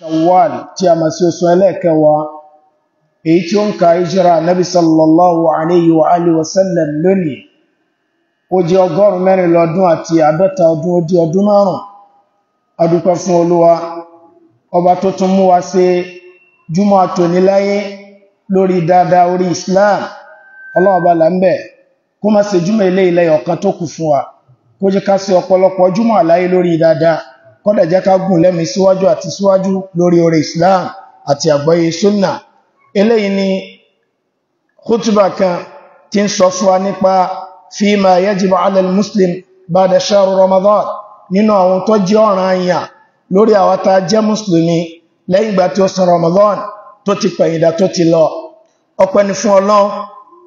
shawwal tí a mọ̀ sí oṣù ẹlẹ́ẹ̀kẹwàá èyí tí ó ń ka ìjírà nabi sallallahu alayhi wa alihi wasallam lónìí ó jẹ́ ọgọ́rùn mẹ́rin lọ́dún àti àádọ́ta ọdún ó di ọdún márùn a dúpẹ́ fún olúwa ọba tó tún mú wa ṣe júmọ́ àtòní lórí dáadáa orí islam ọlọ́ọ̀bá kọ́dà jẹ́ ká gùn lẹ́mìí síwájú àti síwájú lórí orí Islam àti àgbọ́yé súnà eléyìí ni khutba kan tí ń sọ fún wa nípa fíìmà yajibu ala al-muslim ba'da shahr Ramadan nínú àwọn tó jẹ́ ọ̀ràn àyà lórí àwa tá jẹ́ mùsùlùmí lẹ́yìn ìgbà tí ó san Ramadan tó ti pẹ̀yìndà tó ti lọ ọpẹ́ ni fún Ọlọ́run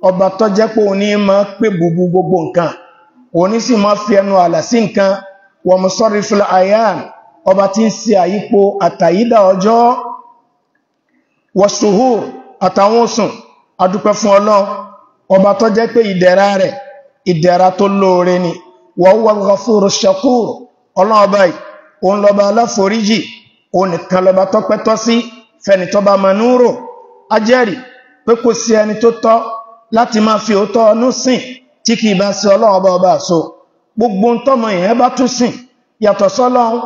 ọba tó jẹ́ pé òní máa pè gbogbo gbogbo nǹkan òní sì máa fi ẹnu àlà sí nǹkan wọ̀mùsọ́rí fìlàyàn ọba tí ń ṣe àyípo àtàyídà ọjọ́ wọ̀ṣùhù àtàwọn oṣùn adúpẹ́ fún ọlọ́run ọba tó jẹ́ pé ìdẹ̀ra rẹ̀ ìdẹ̀ra tó lóore ni wọ́wọ́ gọfúrú ṣakúrù tí ọba gbogbo tọ́mọ yẹn bá tún sìn yàtọ̀ sọ́lọ́un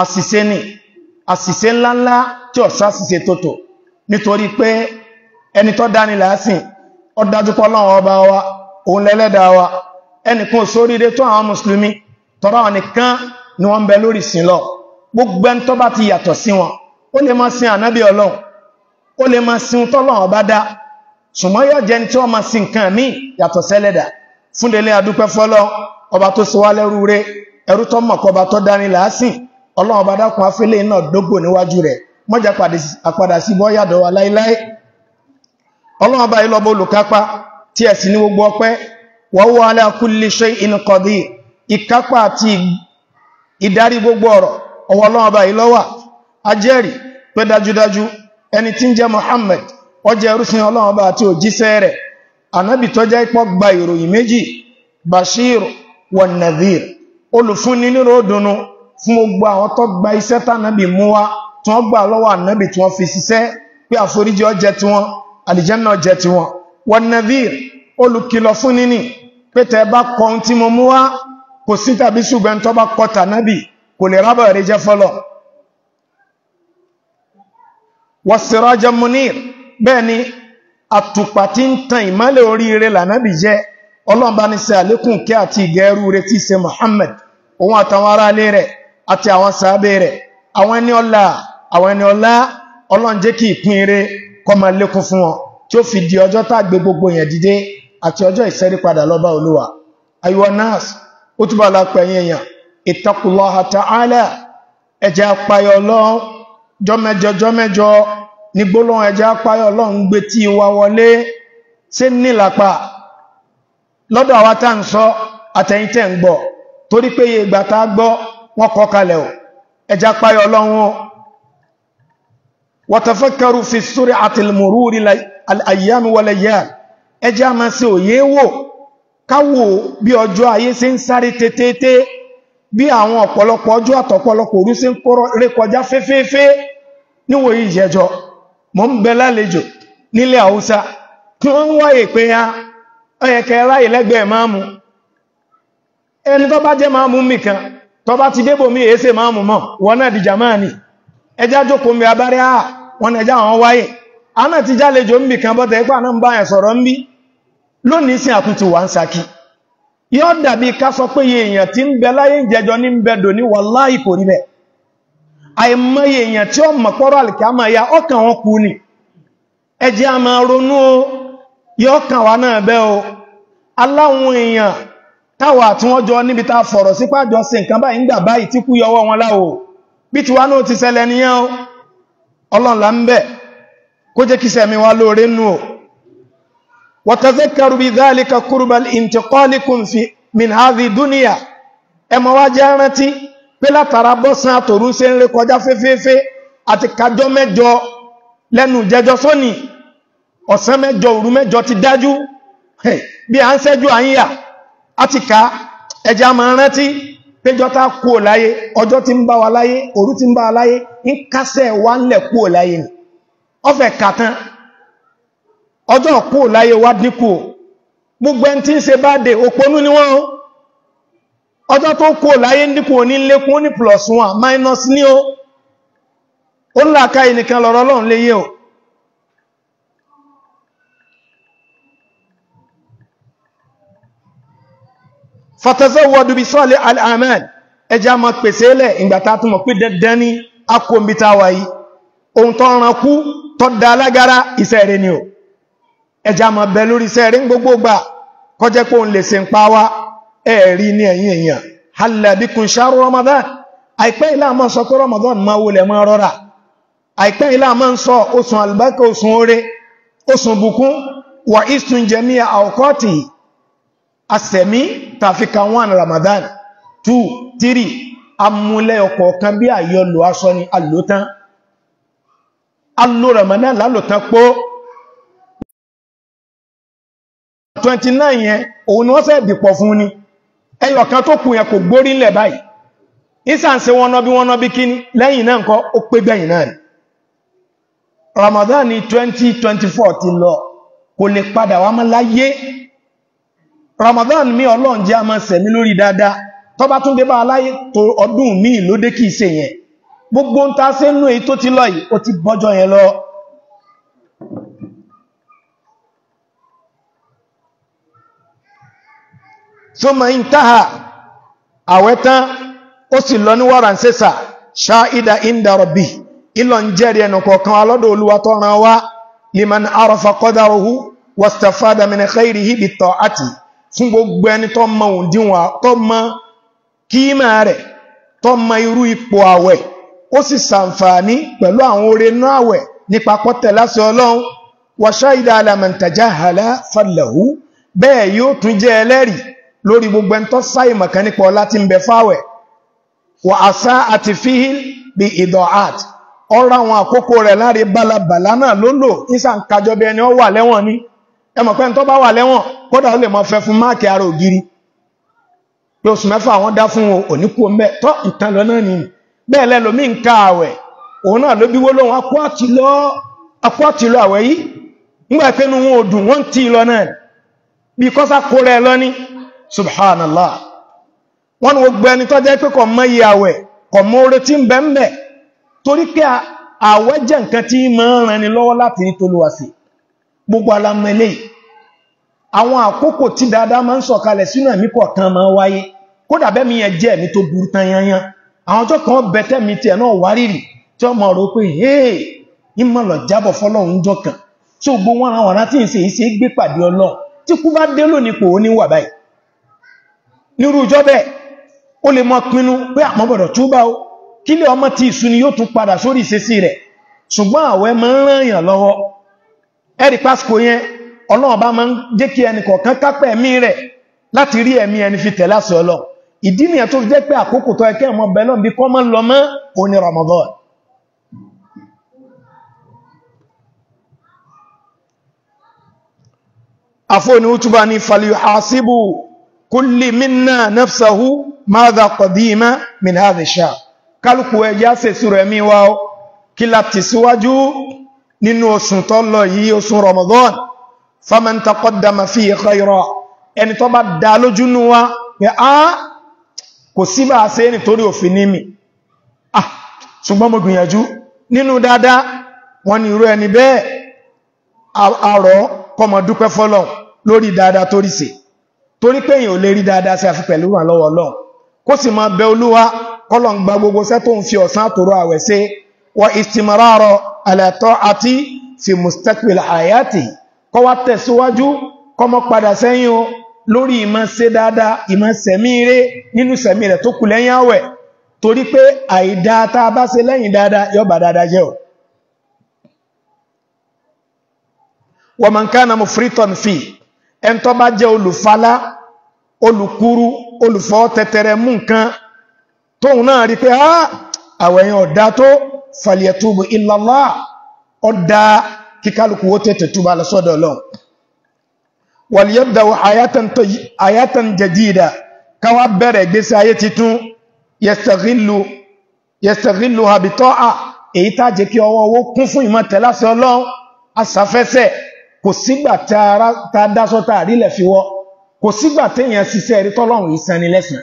àṣìṣe ni àṣìṣe ńláńlá tí ọ̀sá ṣìṣe tótò nítorí pé ẹni tó dání lásìn ó dájú pé Ọlọ́run ọba wa òun lẹ́lẹ́dàá wa ẹnìkan sóríire tó àwọn mùsùlùmí tọ́rọ nìkan ni wọ́n ń bẹ lórí sìn lọ gbogbo ẹni tó bá ti yàtọ̀ sí wọn ó lè máa sin ànábì Ọlọ́run ó lè máa sin tọ́lọ́run ọba dá ṣùgbọ́n yóò jẹni tí wọ́n máa sin nǹkan míì yàtọ̀ sẹ́lẹ̀dà fúndélé adúpẹ́ ọba tó sọ wá lẹ́rú rẹ̀ ẹrú tó mọ̀ kọba tó dání làásìn ọlọ́run ọba dákun afẹ́lẹ́ náà dógò níwájú rẹ̀ mọ́jà àpadà sí bọ́ yàdọ̀ wa ọlọ́run ọba olùkápá tí ẹ̀ sì ní gbogbo ọpẹ́ wa huwa ala kulli shay'in qadir ìkápá àti ìdarí gbogbo ọ̀rọ̀ ọwọ́ ọlọ́run ọba ajẹ́rì pé dájúdájú ẹni tí ń jẹ́ jẹ́ ẹrúsìn ọlọ́run ọba àti òjíṣẹ́ rẹ̀ ànábì wọ̀nàdìr olùfúnni nírò dùnú fún gbogbo àwọn tó gba iṣẹ́ tánàbì mú wá tí wọ́n gbà lọ́wọ́ ànábì tí wọ́n fi ṣiṣẹ́ pé àforíjì ó jẹ́ tiwọn àlìjẹ́nà jẹ́ tiwọn wọ̀nàdìr olùkìlọ̀ fúnni ní pé tẹ́ bá kọ ohun tí mo mú wá kò sí tàbí ṣùgbọ́n tó bá kọ tànábì kò lè rábọ̀ rẹ jẹ́ fọ́lọ̀ wọ̀sìrọ̀jẹ̀ munir bẹ́ẹ̀ ni àtùpà tí ń tan ìmọ́lẹ̀ oríire lànábì jẹ́ ọlọ́run bá ní ṣe àlékún kí àti ìgẹ̀ẹ́rú rẹ̀ tí ṣe Muhammad òun àtàwọn ará ilé rẹ̀ àti àwọn sàábẹ̀ rẹ̀ àwọn ẹni ọlá àwọn ẹni ọlá ọlọ́run jẹ́ kí ìpín rẹ̀ kó máa lékún fún wọn tí ó fi di ọjọ́ tàgbé gbogbo yẹn dìde àti ọjọ́ ìṣẹ́rí padà lọ́ba olúwa ayuwa nas ó túbọ̀ lápẹ̀ yẹn yàn ittaqullaha ta'ala ẹ̀jẹ̀ apayọ̀ ọlọ́run jọmẹjọ jọmẹjọ ní ẹ̀jẹ̀ apayọ̀ ọlọ́run gbé tí wa wọlé ṣé nílàpá lọ́dọ̀ àwa tá ń sọ àtẹ̀yìn tẹ́ ń gbọ́ torí pé iye ìgbà tá gbọ́ wọ́n kọ kalẹ̀ o ẹja páyọ ọlọ́run o wọ́tafẹ́kẹrù fi sórí àtìlmùrú rí àyàmì wọlé yẹ́ ẹja máa ṣe òye wò káwò bí ọjọ́ ayé ṣe ń sáré tètè bí àwọn ọ̀pọ̀lọpọ̀ ọjọ́ àtọ̀pọ̀lọpọ̀ òru ṣe ń rékọjá fẹ́fẹ́fẹ́ níwò ìjẹjọ mọ́ ń bẹ lálejò nílẹ̀ haúsá kí wọ́n wáyè pé ya ọ̀yẹ̀kẹ́ ráyè lẹ́gbẹ̀ẹ́ máàmù ẹni tó bá jẹ́ máàmù mì kan bá ti débò mí èése máàmù mọ̀ wọ́n náà di ẹjá jókòó mi abárí àà wọ́n àwọn wáyé aná ti kan bọ́tẹ̀ ipá náà ń bá yẹn sọ̀rọ̀ ń lónìí sí àtúntì wà ń saki yóò dàbí ká sọ pé èèyàn ń bẹ láyé ìjẹjọ ní ń ni ẹjẹ́ a máa ronú yóò kàn wá náà bẹ́ o aláwọn èèyàn táwà tí wọ́n jọ níbi ta fọ̀rọ̀ sí pàjọ sí nǹkan báyìí ńgbà báyìí tí kú yọwọ́ wọn láwò bí ti wá náà ti ṣẹlẹ̀ nìyẹn o ọlọ́run là ń bẹ̀ kó jẹ́ kí sẹ̀mí wa lóore nù o wàtàzẹ́kàrù bí dhalika kurbal intiqalikum fi min hadhi dunya ẹmọ wá jẹ́ rántí pé látara bọ́sán àtòrú ṣe ń rékọjá fẹ́fẹ́fẹ́ ọ̀sán mẹ́jọ òru mẹ́jọ ti dájú bí a ń ṣẹ́jú àyíyà a ti ká ẹja ma rántí péjọ ta kú láyé ọjọ́ ti ń bá wa láyé òru ti ń bá wa láyé ń kásẹ̀ wá ńlẹ̀ kú ò láyé ni ọfẹ̀ kàtán ọjọ́ kú ò láyé wá dínkù plus one minus ní o ó ń léyé o fatazawwadu bi salih al-amal ẹjá ma pèsè lẹ̀ ìgbàta tó mọ̀ pé dandan ní akóǹbítà wáyí ohun tó ràn kú tó dá alágara iṣẹ́ rẹ̀ ni o ẹjá ma bẹ lórí iṣẹ́ rẹ̀ ń gbogbo gbà kọjẹ́ pé òun lè se ń pa wá ẹ̀ẹ̀rí ní ẹ̀yìn èèyàn halla bikun ramadan àìpẹ́ tàfikà 1 Ramadan 2 3 amúlẹ̀ ọ̀kọ̀ọ̀kan bí àyọlò aṣọ ni alótán aló Ramadan lálòtán pó 29 yẹn òun ni wọ́n fẹ́ dìpọ̀ fún ni ẹyọ̀kan tó kù yẹn kò gbórí ńlẹ̀ báyìí ìsànsí wọn náà bí wọn náà bí kíní lẹ́yìn náà nǹkan ó pé gbẹ̀yìn náà ni Ramadan ni 2024 ti lọ kò lè padà wá mọ́ láyé Ramadan mi Ọlọ́run jẹ́ àmọ́ sẹ̀mí lórí dáadáa tó bá tún dé bá aláyé tó ọdún míì ló dé kìí ṣe yẹn gbogbo ń ta sí inú èyí tó ti lọ yìí ó ti bọ́jọ yẹn lọ tó mọ̀ ń táhà àwẹ́ tán ó sì lọ ní wàràǹsẹ́sà ṣáìdà ìndàrọ̀bì ìlọ jẹ́rìí ẹnu kọ̀ọ̀kan alọ́dọ̀ olúwa tó liman arafa qadaruhu wastafada min khairihi bi ta'ati fún gbogbo ẹni tó mọ òǹdíwọ̀n tó mọ kíímà rẹ̀ tó mọ irú ipò àwẹ̀ ó sì sàǹfààní pẹ̀lú àwọn oore náà àwẹ̀ nípa pọ́tẹ̀ láti ọlọ́run wa shahida ala man tajahala falahu bẹ́ẹ̀ yóò tún jẹ́ ẹlẹ́rìí lórí gbogbo ẹni tó sáìmọ̀ kan nípa ọlá tí ń bẹ fáwẹ̀ wà àṣà àti fíhìn bí ìdọ̀ art ọ̀rọ̀ àwọn àkókò rẹ̀ láre balabàlá náà ló ní sàǹkájọ́ bí ẹni ó wà lẹ́wọ̀n ni ẹ mọ̀ pé ẹni tó bá wà lẹ́wọ̀n kódà ó lè mọ fẹ́ fún máàkì ara ògiri pé oṣù mẹ́fà wọ́n dá fún oníkú ọmọ tọ́ ìtàn lọ náà nìyí bẹ́ẹ̀ lẹ́lòmí ń ka àwẹ̀ òun náà ló bí lóhun akọ́ àti lọ àwẹ̀ yìí nígbà pé inú wọn ò dùn wọ́n ti lọ náà bí kọ́sá kó rẹ̀ lọ ní subhanallah wọ́n ni gbogbo ẹni tó jẹ́ pé kò mọ iye àwẹ̀ kò mọ oore tí ń bẹ ń bẹ torí pé àwẹ̀ jẹ́ nǹkan tí máa ń ran ni lọ́wọ́ láti rí tolúwa sí gbogbo alamọ eléyìí àwọn àkókò tí dáadáa máa ń sọ̀kalẹ̀ sínú ẹ̀mí kọ̀ọ̀kan máa wáyé kódà bẹ́ẹ̀ mi yẹn jẹ́ ẹ̀mí tó burú tán yányán àwọn ọjọ́ kan bẹ̀tẹ̀ mi tiẹ̀ náà wárìrì tí wọ́n mọ̀ rò pé hey ìmọ̀ lọ jábọ̀ fọlọ́run jọ kan tí gbogbo wọn àwọn ará tí ń ṣe ìṣe gbé pàdé ọlọ́run tí kú bá dé lónìí kò ní wà báyìí nírú ìjọ bẹ́ẹ̀ ó lè mọ pinnu pé àmọ́ gbọ́dọ̀ túbá o kílẹ̀ ọmọ ti ìsuni yóò tún padà sórí ìṣesí rẹ̀ ṣùgbọ́n àwẹ̀ máa ń ràn yàn lọ́wọ́ ẹ̀rì pásíkò yẹn ọlọ́run bá máa ń jẹ́ kí ẹnì kọ̀ọ̀kan kápẹ́ ẹ̀mí rẹ̀ láti rí ẹ̀mí ẹni fi tẹ̀lé àṣẹ ìdí nìyẹn tó jẹ́ pé àkókò tó ẹkẹ́ ọmọ bẹ̀lọ́n bí kọ́ máa ń lọ mọ́ òní Ramadan afọ́ni útúbà ní falyuhasibu kulli minna nafsahu madha qadima min hadha ash-shahr kálùkù ẹjá sèsù rẹ̀ mí wá kí láti síwájú nínú oṣù tó lọ yìí oṣù Ramadan faman taqaddama fihi khayra ẹni tó bá dá lójú nú wa pé á kò sí bá a ṣe nítorí òfin ní mi ah ṣùgbọ́n mo gbìyànjú nínú dáadáa wọ́n ní irú ẹni bẹ́ẹ̀ àrọ́ kọmọ dúpẹ́ fọ́lọ̀ lórí dáadáa tó rí sí torí pé èyàn ò lè rí dáadáa sí àfi pẹ̀lú ìrànlọ́wọ́ Ọlọ́run kó sì máa bẹ Olúwa kọ́lọ̀ ń gba gbogbo sẹ́ tó ń fi ọ̀sán àtòrò àwẹ̀ ṣe wọ ìtìmọ̀rọ̀ ala ta'ati fi mustaqbil hayati kọ́ wá tẹ̀síwájú kọ́ mọ́ padà sẹ́yìn o lórí ìmọ̀ ṣe dáadáa ìmọ̀ sẹ̀mí rẹ̀ nínú sẹ̀mí rẹ̀ tó kù lẹ́yìn àwẹ̀ torí pé àìdáa tá a bá ṣe lẹ́yìn dáadáa yó bà dáadáa jẹ́ o àwẹ̀yìn ọ̀dá tó fàlìyàtúbù ìlàlá ọdá kíkálùkù wó tètè túbà lọ́sọ́dọ̀ Ọlọ́run wàlìyàbdáwò àyátàn jẹjìdà káwà bẹ̀rẹ̀ gbésí ayé titun yẹsẹ̀rìnlù àbìtọ́ à èyí tá jẹ́ kí ọwọ́ owó kún fún ìmọ̀tẹ̀láṣẹ Ọlọ́run asàfẹ́fẹ́ kò sígbà tá dásọ́ta àrílẹ̀ fi wọ́ kò sígbà téèyàn ṣiṣẹ́ rí tọ́lọ́run ìsanilẹ́sìn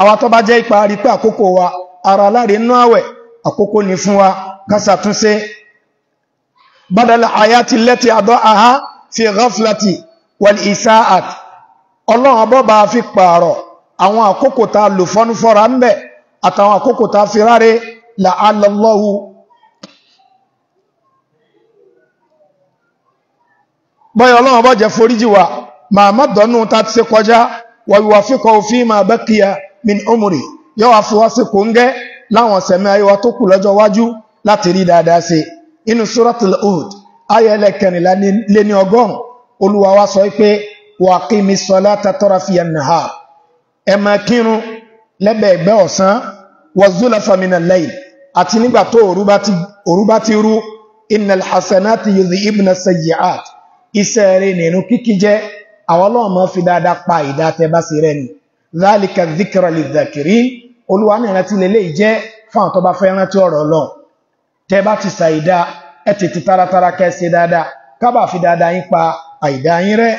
àwọn àkókò ní fún wa kásàtúnṣe badala ayati lẹ́tí àdọ́ àhá fi ghaflati wal isaat ọlọ́run bọ́ bá fi pààrọ̀ àwọn àkókò ta lò fọ́nú fọ́ra ń bẹ̀ àtàwọn àkókò ta fi ráre la'alla Allahu bọ́yọ̀ ọlọ́run bọ́ jẹ́ foríjì wa ma mọ́dọ̀nú ta ti ṣe kọjá wàyíwà fíkọ̀ òfin ma baqiya min umri yọ́wà fi wá sí kò ń gẹ́ láwọn sẹ̀mí ayé wa tó kù lọ́jọ́ wájú láti rí dáadáa ṣe inú suratul Hud ayẹlẹ̀ kẹrìnlá lé ní ọgọ́rùn olúwa wa sọ pé wà kí mi salata tarafiyan nahar ẹ máa kírun lẹ́bẹ̀ẹ́ ẹ̀gbẹ́ ọ̀sán wa zulafa minal layl àti nígbà tó òru bá ti rú innal hasanati yudhibna sayyi'at iṣẹ́ rẹ̀ nínú kíkí jẹ́ àwọn ọlọ́run fi dáadáa pa ìdá tẹ́ bá sí rẹ̀ ni zalika dhikra lidh olúwa ní ìrántí lélẹ̀ jẹ́ fún àtọ́bá fẹ́ rántí ọ̀rọ̀ ọlọ́run tẹ bá ti ṣàìdá ẹ tètè taratara kẹsẹ dáadáa kábà fi dáadáa yín pa àìdá yín rẹ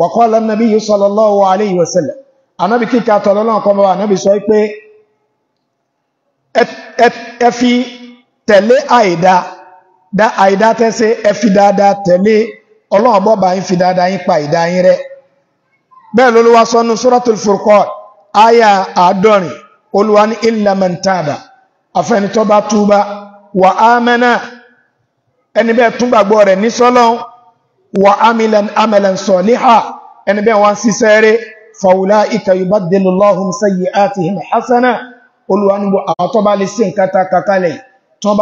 wọ̀kọ́ lọ́nàbí yìí sallallahu alayhi wa sallam anábì kíkà tọ́lọ́lọ́n kọ́ bá anábì sọ pé ẹ fi tẹ̀lé àìdá àìdá tẹ́sẹ̀ ẹ fi dáadáa tẹ̀lé ọlọ́run bọ́ba yín fi dáadáa yín pa àìdá yín rẹ bẹ́ẹ̀ ló ló wá àyà àádọ́rin olúwa ní illa man taba àfẹ́ni tó bá túbá wa amana ẹni bẹ́ẹ̀ tún gbàgbọ́ rẹ̀ ní sọ́lọ́un wa amilan amalan saliha ẹni bẹ́ẹ̀ wọ́n sí sẹ́rẹ́ fa ulaika yubaddilu Allahum sayyi'atihim hasana olúwa ní àwọn tó bá lè sí nǹkan ta kakalẹ̀ tó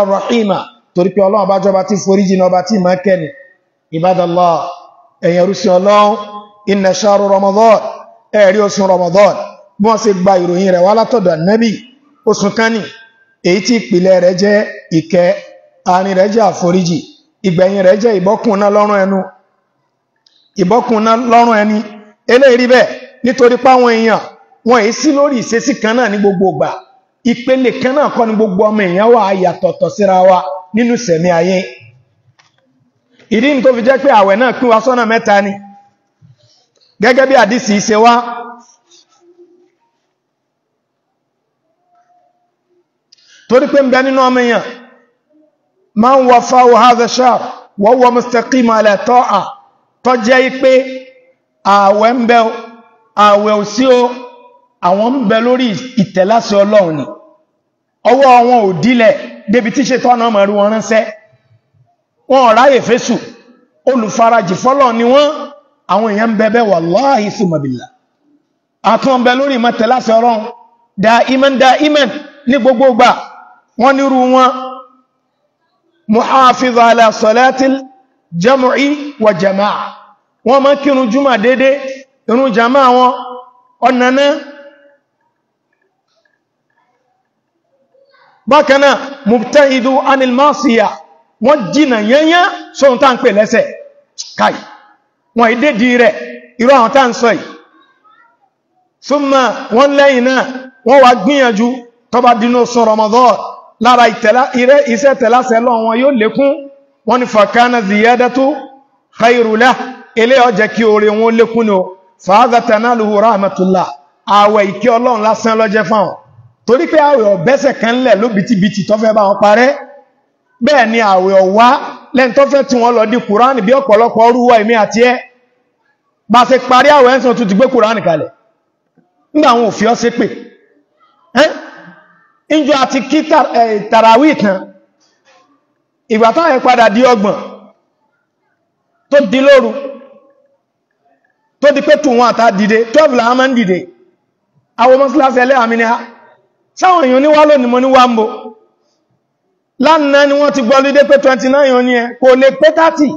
rahima torí pé ọlọ́run bá jọba tí foríjì ní ọba tí ma kẹni Ibadallah ẹ̀yìn orúsí ọlọ́run inna shahru Ramadan ẹ̀rí oṣù Ramadan bí wọ́n ṣe gba ìròyìn rẹ̀ wá látọ̀dọ̀ Ànábì oṣù kánì èyí tí ìpìlẹ̀ rẹ̀ jẹ́ ìkẹ́ àárín rẹ̀ jẹ́ àforíjì ìgbẹ̀yìn rẹ̀ jẹ́ ìbọ́kùnná lọ́rùn ẹnu ìbọ́kùnná lọ́rùn ẹni eléyìí rí bẹ́ẹ̀ nítorí páwọn èèyàn wọn èyí sí lórí ìṣesí kan náà ní gbogbo ìgbà ìpele kan náà kọ́ ní gbogbo ọmọ èèyàn wà yàtọ̀tọ̀ síra wa nínú sẹ̀mí ayé ìdí tó fi jẹ́ pé àwẹ̀ náà pín wa sọ́nà mẹ́ta ni gẹ́gẹ́ bí àdísì ṣe wá torí pé ń bẹ nínú ọmọ èèyàn máa ń wọ fáwọ hazashar wọ́wọ́ mustaqim ala ta'a tó jẹ́ ipé àwẹ̀ ń bẹ àwẹ̀ ò sí o àwọn ń bẹ lórí ìtẹ̀láṣẹ ọlọ́run ni ọwọ́ wọn ò dílẹ̀ débi tí ṣe tọ́nà mọ̀rú wọn ránṣẹ́ wọn ráyè fésù olùfarajì fọ́lọ̀ ni wọ́n àwọn èèyàn ń bẹ̀bẹ̀ wallahi sùmọ̀bìlà àtún bẹ lórí mọ́tẹ̀láṣẹ́ ọ̀rọ̀ da iman da iman ní gbogbo gbà wọ́n nírú wọn muhafiza ala salatil jam'i wa jama'a wọ́n máa kírun juma dédé irun jama'a wọn ọ̀nà náà bákanáà mubta'idu anil ma'siya wọ́n jìnà yẹnyẹ́ sóhun tá ń pè lẹ́sẹ̀ káì wọ́n ìdédi rẹ̀ irú àwọn tá ń sọ yìí súnmọ́ wọ́n lẹ́yìn náà wọ́n wá gbìyànjú tó bá dínú sun Ramadan lára iṣẹ́ tẹ̀láṣẹ́ lọ yóò lékún wọ́n ni fàkánà ziyadatu khairula ilé ọjẹ́ kí oore wọn lékún ní o fàázàtà rahmatullah àwẹ̀ ìkẹ́ ọlọ́run lásán lọ́jẹ́ fáwọn torí pé àwẹ̀ ọ̀bẹ́sẹ̀ kan lẹ̀ ló bìtìbìtì tọ́fẹ́ bá wọn parẹ́ bẹ́ẹ̀ ni àwẹ̀ ọ̀wá lẹ́n tọ́fẹ́ tí wọ́n lọ di kùránì bí ọ̀pọ̀lọpọ̀ orúwọ́ èmi àti ẹ́ bá se parí àwẹ̀ ẹ̀sán tó ti gbé kùránì kalẹ̀ nígbà àwọn òfin ọ́sẹ́ pè ìjọ àti kí tàràwí ìtàn di ọgbọ̀n tó di lóru tó di pé tù wọn àtà dìde 12 làwọn dìde àwọn mọ́síláṣẹ́ ẹlẹ́ àmì sáwọn èèyàn níwá lónìí mo níwá mbò lánàá ni wọ́n ti gbọ́ lídé pé 29 yọ ní ẹ kò lè pé 30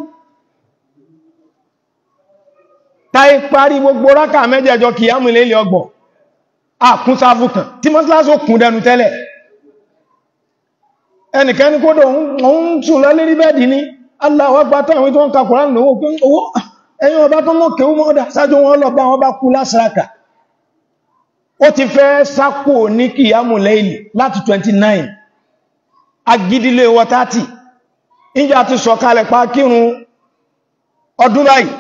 táì parí gbogbo rákà mẹ́jẹjọ kì á mú ilé ilé ọgbọ̀ àkún sáfù kan tí mọ́sílásí ó kún dẹnu tẹ́lẹ̀ ẹnìkan ní kódò òun sùn lọ lérí bẹ́ẹ̀dì ní aláwọ́gbátọ́ àwọn tí ó ti fẹ́ sápò ní kìyàmù lẹ́ìlì láti 29 agidile wọ 30 ìjà ti sọ̀kalẹ̀ pa kírun ọdún báyìí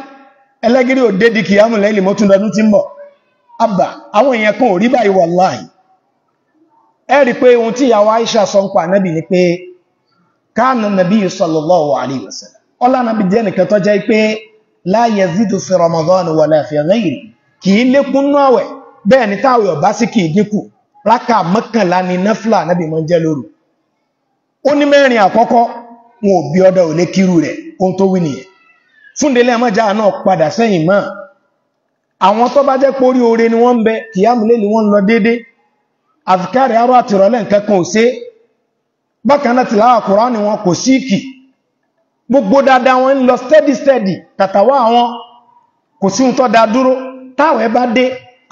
ẹlẹ́gìrì ò dédì kìyàmù lẹ́ìlì mọ́túndọdún ti mọ̀ àbà àwọn èèyàn kan ò báyìí wàláhì pé ohun tí ìyàwó Aisha sọ ń pa nábì ni pé káànà bẹ́ẹ̀ ni táwẹ̀ ọ̀bá sí kìí dínkù rákà mọ́kànlá ni náfìlà nábì mọ́ jẹ́ lóru ó ní mẹ́rin àkọ́kọ́ wọn ò bí ọdọ̀ òlé kírú rẹ̀ ohun tó wí nìyẹn fúndélé ẹmọ́já náà padà sẹ́yìn mọ́ àwọn tó bá jẹ́ pórí oore ni wọ́n ń bẹ kìyàmùlé ni wọ́n ń lọ déédéé àfikárẹ̀ arọ́ àtìrọ̀lẹ́ nǹkan kan ò ṣe bákan náà tìláwà Kùránì wọn kò síìkì gbogbo dáadáa wọn ń lọ steady steady tàtàwá àwọn kò sí ohun tó da dúró táwẹ̀ bá dé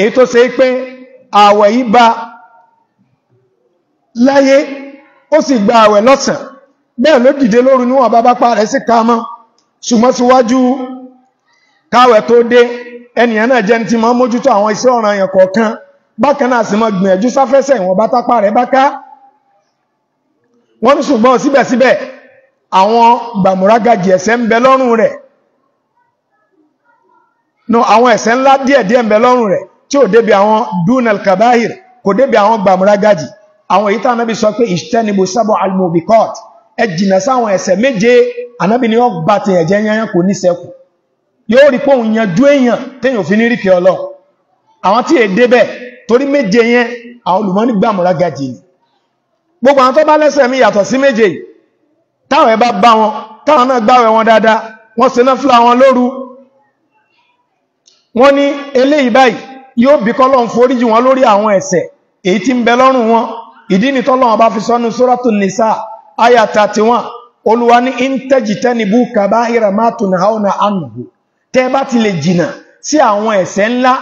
èyí tó ṣe pé àwẹ̀ yìí bá láyé ó sì gba àwẹ̀ lọ́sàn bẹ́ẹ̀ ló dìde lóru níwọ̀n bá bá pa rẹ̀ sí kaamọ́ ṣùgbọ́n síwájú káwẹ̀ tó dé ẹnìyàn náà jẹ́ ti mọ́ mójútó àwọn iṣẹ́ ọ̀ràn èèyàn kọ̀ọ̀kan bákan náà sì mọ́ gbìyànjú sáfẹ́sẹ̀ ìwọ̀n bá tápá rẹ̀ bá ká wọ́n ṣùgbọ́n síbẹ̀síbẹ̀ àwọn gbàmúrágàjì ẹ̀ṣẹ̀ ń bẹ lọ́rùn rẹ̀ no àwọn ẹ̀ṣẹ̀ ńlá díẹ̀díẹ̀ ń bẹ lọ́rùn rẹ̀ tí ò débi àwọn dunal kabahir kò débi àwọn gbàmúrágájì àwọn èyí tánà bí sọ pé ìṣtẹ́nibó sábọ̀ almobicot ẹ jìnà sáwọn ẹ̀ṣẹ̀ méje anábì ni ó gbà ti ẹ̀jẹ̀ yẹnyẹn kò ní sẹ́kù yóò rí pòun yanjú èèyàn téèyàn òfin ní ríkẹ́ ọlọ́run àwọn tí è débẹ̀ torí méje yẹn àwọn olùmọ́ni gbàmúrágájì ni gbogbo àwọn tó bá lẹ́ṣẹ̀ mi yàtọ̀ sí méje táwọn ẹ bá bá wọn táwọn náà gbáwẹ̀ wọn dáadáa wọ́n ṣe náà fúlà wọn lóru wọ́n ní eléyìí báyìí yóò bí kọ́lọ́n foríjì wọn lórí àwọn ẹ̀ṣẹ̀ èyí tí ń bẹ lọ́rùn wọn ìdí ni tọ́lọ́wọ́n bá fi sọ́nu sóràtù nìsá àyà 31 olúwa ní intajitanibu kabáhìrà máa tùnà haúnà ànùhù tẹ́ bá ti lè jìnà sí àwọn ẹ̀ṣẹ̀ ńlá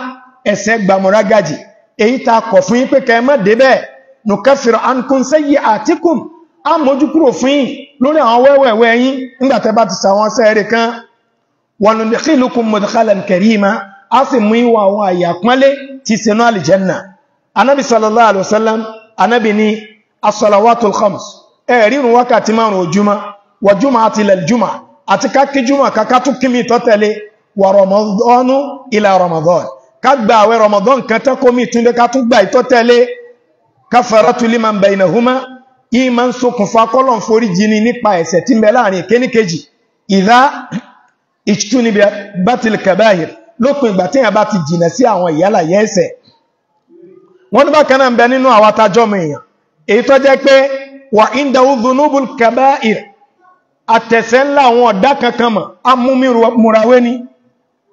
ẹ̀ṣẹ̀ gbàmúrágàjì èyí ta kọ̀ fún yín pé kẹ́ má débẹ̀ nùkẹ́fìrọ̀ ankun sẹ́yì àtíkùm á mójú kúrò fún yín lórí àwọn wẹ́wẹ̀wẹ́ yín nígbà tẹ́ bá ti sàwọn sẹ́ẹ̀rẹ̀ kan wọnùdíkìlùkùn mudkhalan karima a sì mú ìwà àwọn àyà pọ́nlé ti sinú alìjẹ́nà anábi sallallahu alaihi wasallam anábi ni asalawatul khams ẹ̀rírun wákàtí márùn ojúmọ́ wa jumu'ati ilal jumu'a àti kákí jùmọ̀ kakátú kími tọ́tẹ̀lé wa ramadhanu ila ramadan kagbà àwẹ̀ ramadan kan tẹ́kọ́mí túnlé ká tún gbà ìtọ́tẹ̀lé kafaratu liman bainahuma yìí máa ń ṣokùnfà kọ́lọ̀ forí jini nípa ẹ̀ṣẹ̀ ìtúnibẹ̀ batil kabahir lópin ìgbà téèyàn bá ti jìnà sí àwọn ìyálàyé ẹ̀ṣẹ̀ wọ́n ní bákan náà ń bẹ nínú àwọn atajọ́mọ èèyàn èyí tó jẹ́ pé wà ìdáwó zunubul kaba'ir àtẹ̀sẹ̀ ńlá àwọn ọ̀dá kankan mọ̀ amúmi ni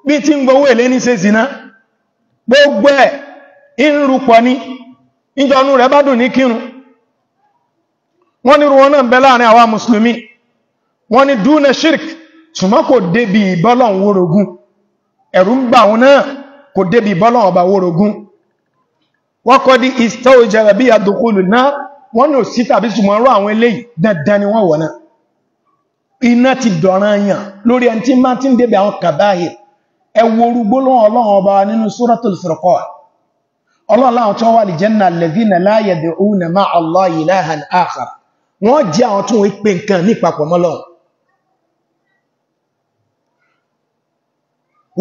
bí tí ń gbowó zina gbogbo ẹ̀ ń rúpọ̀ ní ìjọnú rẹ̀ bá dùn ní kírun wọ́n ní ruwọn náà ń bẹ láàrin àwa mùsùlùmí wọ́n ní dúnà shirk ṣùgbọ́n kò débi ìbọ́lọ̀ ń wórogún ẹ̀rù ń gbà wọn náà kò débi bọ́lọ̀ ọba wórogún wọ́n kọ́ di ìsìtọ́ òjẹ̀rẹ̀ bí àdókòlù náà wọ́n ní òsí tàbí ṣùgbọ́n rọ àwọn eléyìí dandan ni wọ́n wọ̀nà iná ti dọ̀ràn yàn lórí ẹni tí máa ti ń débi àwọn kàbáyé ẹwọ orúgbó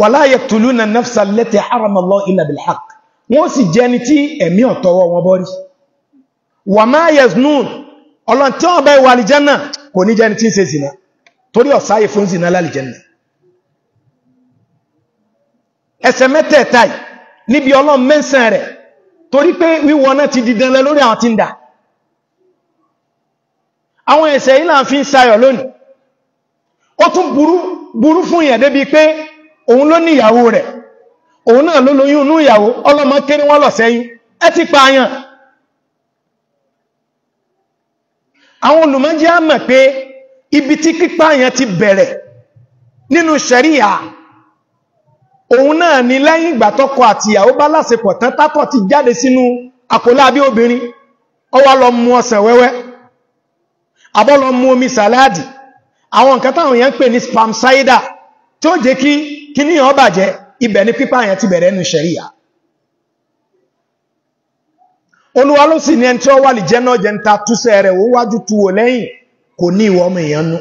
wàlá yaqtuluna nafsa allati harama Allah illa bil haqq wọ́n sì jẹ́ ẹni tí ẹ̀mí ọ̀tọ́wọ́ wọn bọ́rí wà máa yaznun ọlọ́n tí wọ́n bá ìwà àlìjẹ́nà kò ní jẹ́ ẹni tí ń ṣe zìnà torí ọ̀sáyè fún zìnà lálìjẹ́nà ẹsẹ̀ mẹ́tẹ̀ẹ̀ta yìí níbi ọlọ́n mẹ́sàn rẹ̀ torí pé àwọn tí ń sayọ̀ lónìí ó tún burú fún yẹn débi pé òun ló ní ìyàwó rẹ̀ òun náà ló lóyún inú ìyàwó ọlọ́mọ kéré wọ́n lọ sẹ́yìn ẹ ti pààyàn àwọn olùmọ́jẹ́ á mọ̀ pé ibi tí pípààyàn ti bẹ̀rẹ̀ nínú ṣẹ̀ríyà òun náà ni lẹ́yìn ìgbà tọ́kọ àti ìyàwó bá láṣepọ̀ tán tátọ̀ ti jáde sínú àkólábí obìnrin ó wá lọ mu ọsàn wẹ́wẹ́ abọ́ lọ mu omi sàláàdì àwọn nǹkan táwọn èèyàn ń pè ní spam cider tí ó jẹ́ kí kí ní ọ bàjẹ́ ibẹ̀ ni pípa àyàn ti bẹ̀rẹ̀ ẹnu ṣẹ̀ríyà olúwa ló sì ní ẹni tí ó wà lè jẹ́ náà jẹ́ ń ta túsẹ̀ rẹ̀ ó wájú tuwò lẹ́yìn kò ní ìwọ ọmọ èèyàn nú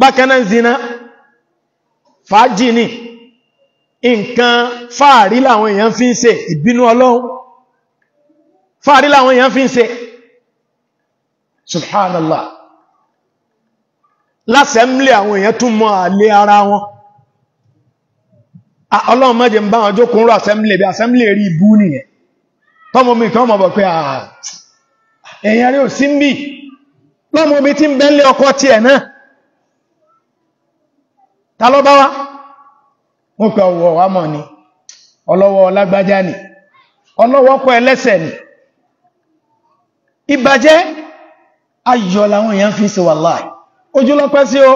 bákanáà zina fàájì ní nǹkan fàárí làwọn èèyàn fi ń ṣe ìbínú ọlọ́run fàárí láwọn èèyàn fi ń ṣe subhanallah lásẹ̀mílẹ̀ àwọn èèyàn tún mọ́ àlé ara wọn ọlọ́run mẹ́jẹ ń bá wọn jókòó rọ àsẹ́mílẹ̀ bí àsẹ́mílẹ̀ rí ibú nìyẹn tọ́mọ mi kan mọ̀ bọ̀ pé èèyàn rí ò sí mbí lọ́mọ mi tí ń bẹ́lẹ̀ ọkọ náà ta ló bá wa ni ọlọwọ ọlágbájá ni ọlọwọ ọkọ̀ ẹlẹ́sẹ̀ ni ìbàjẹ́ ayọ̀ làwọn èèyàn fi ṣe wàláì ojú lọ́pẹ́ sí o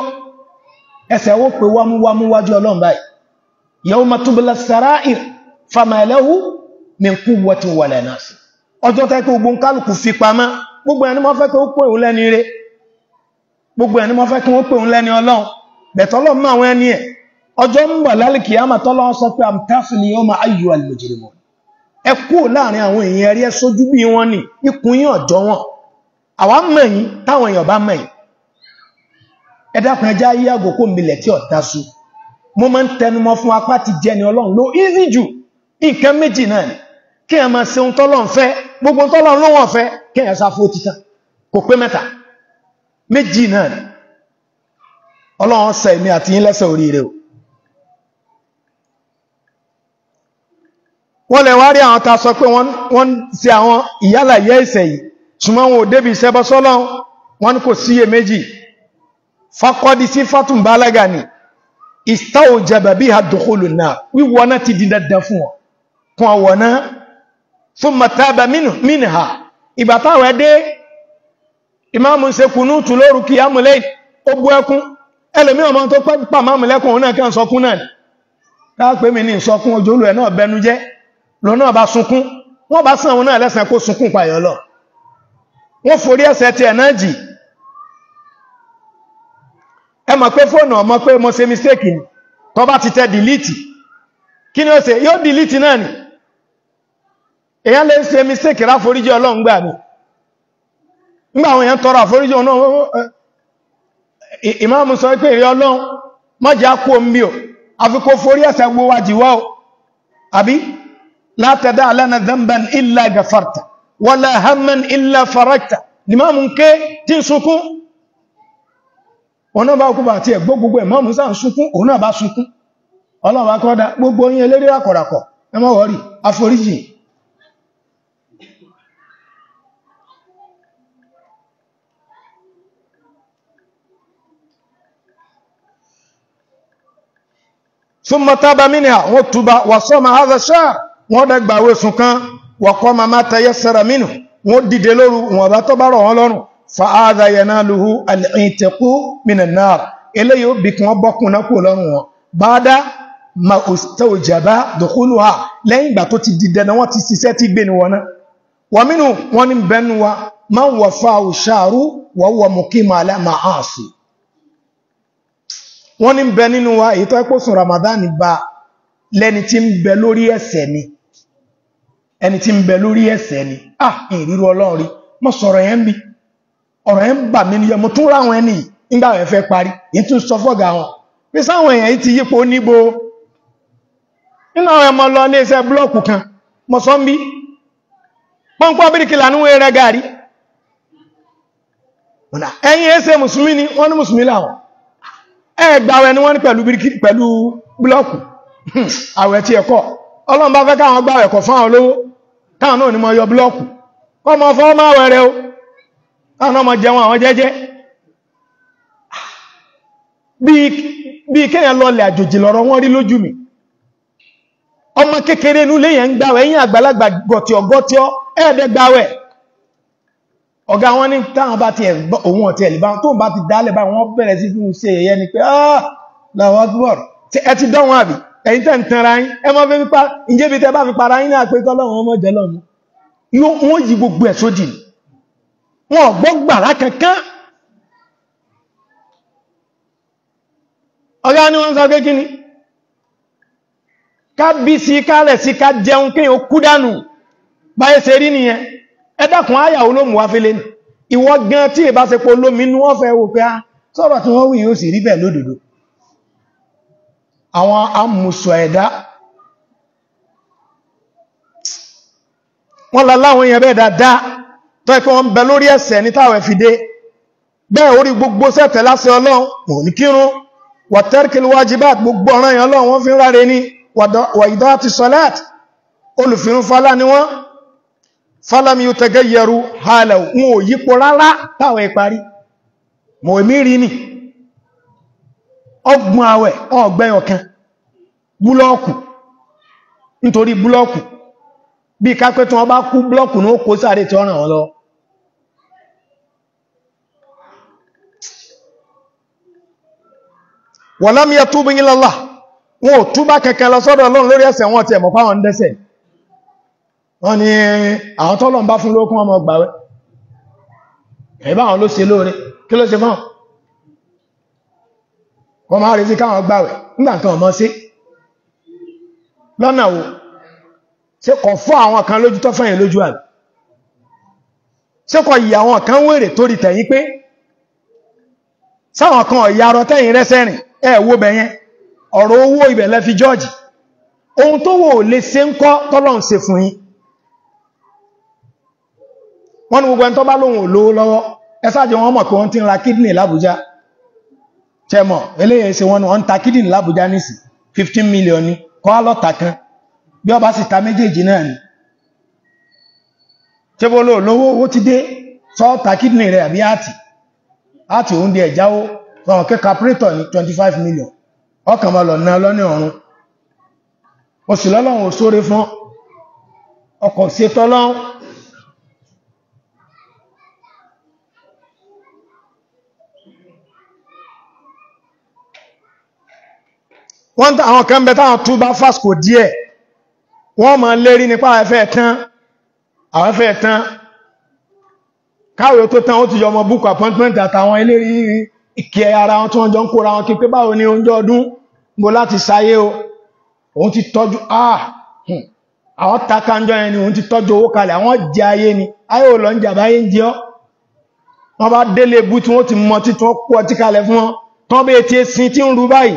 ẹsẹ̀ wó pé wámúwámú wájú ọlọ́run báyìí yawma tubla sarair fama lahu min quwwatin wala nasir ọjọ́ tẹ́ fi gbogbo pè gbogbo àwọn ẹni ẹ̀ ọjọ́ ń bọ̀ lálìkìyàmà tọ́lọ́ sọ ẹ kúrò láàrin àwọn èèyàn ẹrí ẹ sójú bí wọn ni ikùn yín ọjọ́ wọn àwa mọ̀ yín táwọn èèyàn bá mọ̀ yín ẹ dákun ẹjá yí àgò kó milẹ̀ tí ọ̀tá su mo máa ń tẹnumọ́ fún apá ti jẹni ọlọ́run ló easy jù nǹkan méjì náà ni kí ẹ máa ṣe ohun tọ́lọ́run fẹ́ gbogbo ohun tọ́lọ́run ló wọ́n fẹ́ kí ẹ sáfó títà kò pé mẹ́ta méjì náà ni ọlọ́run ṣe àti yín lẹ́sẹ̀ oríire o wọ́n lẹ̀ wá rí àwọn ta sọ pé wọ́n ń ṣe àwọn ìyálà ìyẹ́ ìsẹ̀ yìí ṣùgbọ́n wọn ò débi ìṣẹ́bọ́ sọ́lọ́ wọn kò síye méjì fakọ́dí sí fatun balaga ni ìstáwò jẹba bí àdókòlò náà wíwọ́ náà ti di dandan fún wọn kún ọwọ́ náà fún mataba mínìhà ìbátáwọ̀ ẹdẹ́ ìmáàmù ṣe kùnú tù lóru kí amúlẹ̀ ó bú ẹkún ẹlòmí ọmọ lọ ọba bá sunkún wọ́n bá sàn àwọn náà lẹ́sàn kó sunkún pàyọ̀ lọ wọ́n forí ẹsẹ̀ tí ẹ̀ náà jì ẹ mọ̀ pé fóònù ọmọ pé mo ṣe mistake ni tó bá ti tẹ dìlítì kí ni ó ṣe yóò dìlítì náà ni èyàn lè ṣe mistake ráforíjì ọlọ́run gbà ní nígbà àwọn èèyàn tọrọ àforíjì ọ̀nà ìmáàmù sọ pé ọlọ́run kú omi o àfikò o àbí لا تدع لنا ذنبا إلا غفرته ولا هما إلا فرجته لما ممكن تنسكون ọ̀nà bá kú bá tí ẹ̀ gbogbo ẹ̀ máa mú sáà ń sunkún òun náà bá sunkún ọlọ́wà kọ́dá gbogbo yín eléré àkọ̀ràkọ̀ ẹ má wọ́rí àforíjì ثم تاب منها وتوب وصام هذا الشهر wọ́n dẹ̀gbà wẹ̀sùn kan wọ̀kọ́ ma máa tẹyẹ sẹ́ra mínú wọ́n dìde lóru wọn bá tọ́ bá rọ̀ wọ́n lọ́rùn fa'áza yẹna lùhú al'intiqu minan nar eléyìí ó bí kí wọ́n bọ́kùn náà kú lọ́rùn wọn bada ma ustajaba dukhuluha lẹ́yìn ìgbà tó ti dìde náà wọ́n ti ṣiṣẹ́ tí gbé ni wọn náà wọ́n mínú wọ́n ní bẹ́nu wa máa ń wọ̀ òṣàrú wọ́n wọ̀ mú kí máa lẹ́mà áàsù wọ́n ní bẹ nínú wa èyí tó ẹ́pọ̀ sùn Ramadan ba lẹ́ni tí ń bẹ lórí ẹ̀ṣẹ̀ ni ẹni tí ń bẹ lórí ni ah ìrírú ọlọ́run rí mo yẹn yẹn bà mí mo tún ráwọn ẹni nígbà parí yìí tún sọ fọ́gà wọn pé sáwọn èèyàn yìí ti yípo níbo nínú àwọn ẹmọ lọ kan mo sọ ń bí rẹ gàrí mùsùlùmí ni ní mùsùlùmí làwọn ní tí hmm, bá káwọn fún táwọn náà ni mọ yọ búlọ́ọ̀kù kọ́ mọ fọ́ máa wẹ̀rẹ̀ o táwọn náà mọ jẹun àwọn jẹ́jẹ́ bí kéèyàn lọlẹ̀ àjòjì lọ́rọ̀ wọ́n rí lójú mi ọmọ kékeré inú léyàn ń gbàwẹ̀ ẹ̀yìn àgbàlagbà gọ̀tíọ̀ gọ̀tíọ̀ ẹ̀ẹ́dẹ́gbàwẹ̀ ọ̀gá wọn ah làwọn gbọ́rọ̀ ẹ ti dán wọn àbí ẹ̀yin tẹ́ ń tanra yín ẹ mọ́ fi ń pa ìjẹ́bi tẹ́ bá fi para yín náà pé kọ́lọ́run ọmọ jẹ́ lọ́mú wọ́n yí gbogbo ẹ̀ sódì wọn ọ̀gbọ́n gbàrá kankan ọ̀gá ni wọ́n sọ pé kí ni ká bí sí ká rẹ̀ sí ká jẹun kí o kú dànù báyé ṣe rí nìyẹn ẹ dákun àyàwó ló mú wá fẹ́lẹ́ ìwọ gan tí ìbáṣepọ̀ lómi inú wọ́n fẹ́ wò pé á ah, sọ̀rọ̀ tí wọ́n wù yóò sì rí bẹ́ẹ̀ lódodo àwọn amùsọ̀ ẹ̀dá wọ́n la láwọn èèyàn bẹ́ẹ̀ dáadáa tó ẹ̀pẹ́ wọn bẹ lórí ẹ̀ṣẹ̀ ní táwẹ̀ fi dé bẹ́ẹ̀ orí gbogbo sẹ́fẹ̀ lásẹ̀ ọlọ́run wọn ní kírun wà tẹ́rkìlì wájibat gbogbo ọ̀ràn èèyàn ọlọ́run wọ́n fi ni ọgbọ̀n àwẹ̀ ọgbẹ́ ọ̀kan búlọ́ọ̀kù nítorí búlọ́ọ̀kù bí kápẹ́ tí wọ́n bá kú búlọ́ọ̀kù ní ó kó sáré tí ọ̀ràn lọ walam yatubu ila wọn ò túbá lọ sọ́dọ̀ lórí wọn ti ẹ̀mọ̀ fáwọn dẹ́ṣẹ̀ wọ́n ni àwọn tọ́lọ̀ ń bá fún lókún ọmọ gbàwẹ́ ẹ̀bá àwọn wọ́n máa retí káwọn gbàwẹ̀ nígbà kan mọ́ sí lọ́nà wo ṣé kọ̀ fọ́ àwọn kan lójú tó fẹ́yìn lójú àmì ṣé kọ̀ yìí àwọn kan wèrè torí tẹ̀yìn pé sáwọn kan ọ̀yà arọ tẹ́yìn rẹ́sẹ̀rìn ẹ̀ wo bẹ̀yẹn ọ̀rọ̀ owó ibẹ̀ lẹ́fi jọ́ọ̀jì ohun tó wò lè ṣe ń kọ́ tọ́lọ́run ṣe fún yín wọ́n ní gbogbo ẹni tó bá lóhun ò lówó lọ́wọ́ ẹ sáàjẹ́ wọn mọ̀ pé wọ́n ti ń ra kídìnì l'Àbújá tẹ́mọ̀ eléyẹ̀ ṣe wọn wọ́n ta kídìn lábújá nìsì 15 million ní kan bí ọba sì ta méjèèjì náà ni tébólò lówó owó ti dé sọ ta kídìn àbí àti àti òun di ẹjáwó fọ́n kẹ́ ní 25 million ọkàn lọ ná lọ́ní ọ̀run oṣù lọ́lọ́run ò fún ọkọ̀ ṣetọ́lọ́run wọ́n àwọn kan bẹ táwọn túbá fásitì díẹ̀ wọ́n máa lérí nípa àwẹ́fẹ́ tán àwẹ́fẹ́ tán káwẹ̀ tó tán ó ti yọ ọmọ búkù appointment àtàwọn eléri ìkẹ́ ara wọn tí wọ́n jọ ń kóra wọn kí pé báwo ni oúnjẹ ọdún mo láti sáyé o òun ti tọ́jú ah hmm. àwọn takanjọ́ ẹni òun ti tọ́jú owó kalẹ̀ àwọn jẹ ayé ni ayé ò lọ ń jà báyé ń jẹ ọ́ wọ́n bá délé bú tí wọ́n ti mọ títún ó pọ̀ kalẹ̀ fún wọn tán bẹ́ẹ̀ tí esin tí ń rú báyìí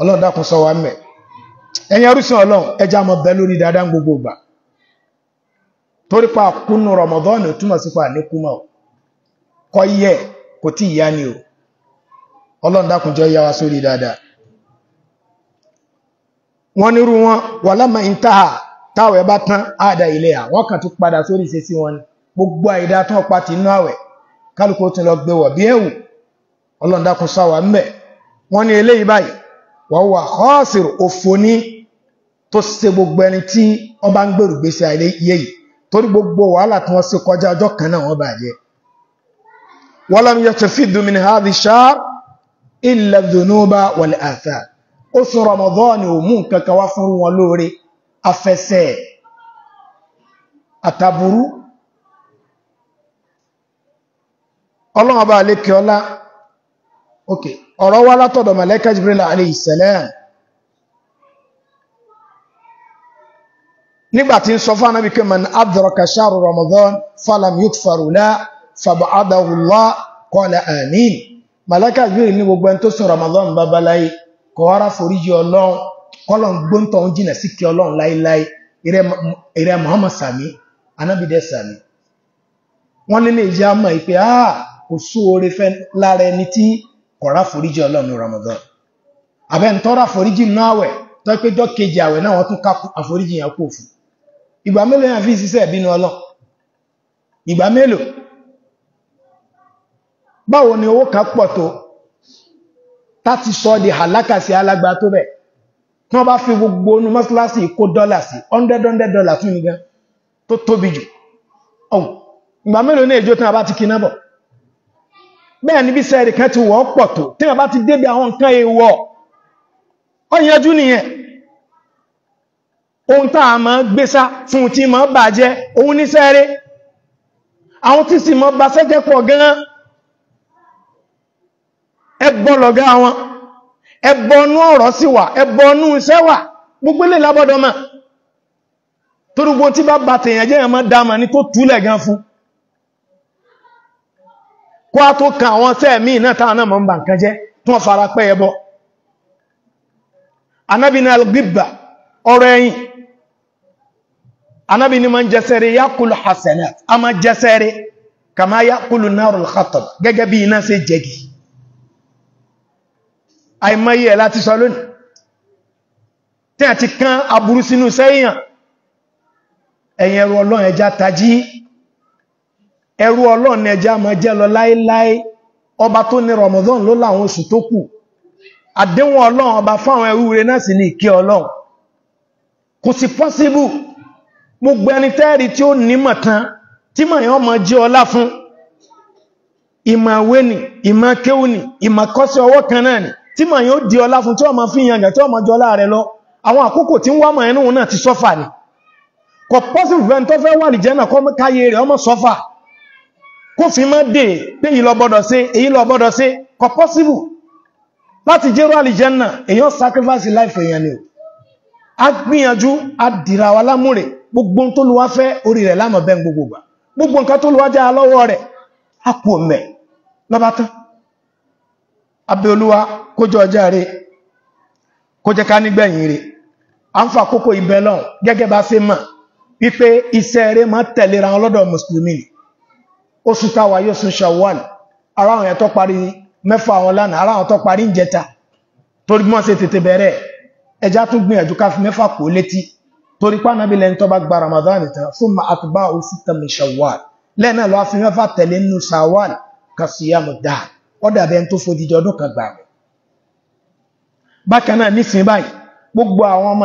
ọlọ́run dákun sọ wa mẹ́ ẹ̀yin arúsìn ọlọ́run ẹja mọ bẹ lórí dáadáa ń gbogbo ìgbà torí pa kúnnù rọmọdọ́ọ̀nù túmọ̀ sí pa níkúmọ̀ kọ́ yẹ kò tí ìyá ni o ọlọ́run dákun jọ yá wa sórí dáadáa nírú wọn wà lámà táwẹ̀ bá tán àdá ilé à wọ́n kàn tún padà sórí ìṣesí wọn ni gbogbo àìdá tán pa ti inú àwẹ̀ kálukú tún lọ gbé wọ̀ bí ẹ̀wù ọlọ́run dákun eléyìí báyìí wọ́n wà kọ́ọ̀sìrò òfò ní tó ṣe gbogbo ẹni tí wọ́n bá ń gbèrú gbèsè ayé yìí torí gbogbo wàhálà tí wọ́n ṣe kọjá ọjọ́ kan náà wọ́n bàjẹ́ wọ́n lọ́mú yẹ tó fìdú mi ilẹ̀ dùnúbà wọlé àfẹ́ oṣù Ramadan ò mú nǹkan wá fún wọn lóore afẹsẹ̀ àtàbùrú ọlọ́run ọba àlékè ọlá okay ọ̀rọ̀ wá látọ̀dọ̀ mẹ́lẹ́kà Jibril alayhi salam nígbàtí ń sọ fún anábì kí man adraka shahru Ramadan falam yukfar lahu fab'adahu Allah qala amin mẹ́lẹ́kà Jibril ní gbogbo ẹni tó sùn Ramadan babaláyé kọ̀ wára foríjì ọlọ́run kọ́lọ̀ gbóǹtọ̀ ń jìnà sí kí ọlọ́run láíláí ìrẹ́ Muhammad sami anábìdẹ sami wọ́n nílé ìjá mọ̀ ìpé àà ah, kò sú oore fẹ́ lára ẹni tí kọ̀rá foríjì ọlọ́run Ramadan abẹ́ntọ́rà foríjì náà wẹ̀ tó kejì àwẹ̀ náà wọ́n tún ká àforíjì yẹn kò fún ìgbà mélòó fi ṣiṣẹ́ ìbínú ọlọ́ ìgbà mélòó báwo ni owó kan pọ̀ tó táti sọ di sí tó gbogbo onú mọ́síláṣí kó dọ́là sí fún mi gan tó tóbi jù ìgbà mélòó bẹ́ẹ̀ níbi sẹ́ẹ̀rì kan ti wọ́n pọ̀ tó tí wọ́n bá ti débi àwọn nǹkan èèwọ̀ ọ̀yẹ́jú nìyẹn ohun tá a máa gbésá fún tí máa bàjẹ́ òun ní sẹ́ẹ̀rẹ́ àwọn tí sì máa bá sẹ́jẹ́ pọ̀ gan-an ẹbọ lọ̀gá wọn ẹbọnú ọ̀rọ̀ sí wà ẹbọnú iṣẹ́ wà gbogbo lè lábọ́dọ̀ mà torúgbọ́n tí bá bàtẹ̀yàn jẹ́ ẹ̀mọ́ dáma ní tó túlẹ̀ gan fún kó a tó kan àwọn tẹ́ mí náà táwọn náà mọ̀ ń bà nǹkan jẹ́ tí wọ́n fara pẹ́ ẹbọ anábi ní algbibba ọrọ̀ ẹ̀yìn anábi ní ma ń jẹsẹ̀rẹ̀ yakulu hasanat a ma jẹsẹ̀rẹ̀ kama yakulu narul khatab gẹ́gẹ́ bí iná ṣe jẹ́gi àìmọye ẹ̀ láti sọ lónìí ẹrú ọlọ́run ẹjá máa jẹ́ lọ láíláí ọba tó ní Ramadan ló láwọn oṣù tó kù àdéhùn ọlọ́run ọba fáwọn ẹrú rẹ̀ náà sì ní ìkẹ́ ọlọ́run kò sí pọ́síbù ẹni tẹ́ẹ̀rí tí ó nímọ̀ tán tí mọ̀ yán jẹ́ ọlá fún ìmọ̀ ìwé ni ìmọ̀ kéwù ni ìmọ̀ kan náà ni tí mọ̀ yán di ọlá fún tí ọmọ fi yàngà tí ọmọ jọlá rẹ̀ lọ àwọn àkókò tí ń wá mọ̀ ẹnu ti sọ́fà ni kò pọ́síbù fẹ́ni tó fẹ́ wà náà kọ́ káyé rẹ̀ ọmọ sọ́fà kó fi mọ́ dè pé èyí lọ gbọ́dọ̀ ṣe èyí lọ gbọ́dọ̀ ṣe possible láti jẹ́rọ àlìjẹ́nà èyàn sacrifice life èyàn ni a gbìyànjú a dìra wa lámúrè gbogbo tó lọ wá fẹ́ orí rẹ̀ lámọ̀ bẹ́ gbogbo gbà gbogbo nǹkan tó lọ wá já lọ́wọ́ rẹ̀ a kú ọmọ lọ́bá tán abẹ́ olúwa kójọ ọjà rẹ̀ kó jẹ́ ká nígbẹ̀yìn rẹ̀ a ń fa kókó ibẹ̀ lọ́hùn gẹ́gẹ́ bá ṣe mọ̀ wípé iṣẹ́ rẹ̀ máa tẹ̀lera ọlọ́dọ̀ mùsùlùmí ni oṣù táwà yóò sún ṣàwọ́lì ara àwọn ẹ̀tọ́ parí mẹ́fà àwọn lánàá ara àwọn tó parí ń jẹta torí mọ́ sí tètè bẹ̀rẹ̀ ẹjá tún gbìyànjú ká fi mẹ́fà kò létí torí pá náà Ramadan tán fún ma àtúbá ó sì tẹ̀mí ṣàwọ́lì lẹ́nà lọ́ fi mẹ́fà tẹ̀lé nínú ṣàwọ́lì kàṣíyàmù dá ó dàbẹ́ tó fojijì ọdún kan gbà rẹ̀ bákan náà nísìn báyìí gbogbo àwọn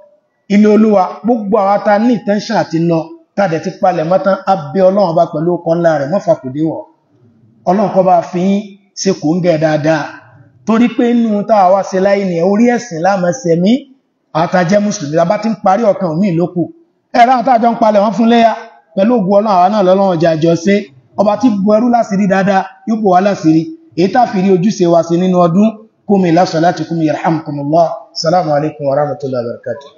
ilé olúwa gbogbo àwọn ta ní ìtẹ́ńṣà àti lọ tàdẹ̀ ti palẹ̀ mọ́tán abẹ́ ọlọ́run bá pẹ̀lú ọkọ̀ ńlá rẹ̀ mọ́fà kò déwọ̀ ọlọ́run kọ́ bá fi yín ṣe kò ń gẹ̀ dáadáa torí pé inú táwa wá ṣe láyé ni orí ẹ̀sìn lámọ̀sẹ̀mí àtàjẹ́ mùsùlùmí labá ti ń parí ọ̀kan míì lókù ẹ̀rá àtàjọ ń palẹ̀ wọ́n fún léyà pẹ̀lú ògùn ọlọ́run àwa náà lọ́lọ́run ọjà àjọ ṣe ọba tí bu ẹrú láṣìírí dáadáa yóò bò wá láṣìírí èyí táfìrí ojúṣe wa sí nínú ọdún kúmi lásán láti kúmi yarhamkumullah salamu alaikum wa wabarakatuh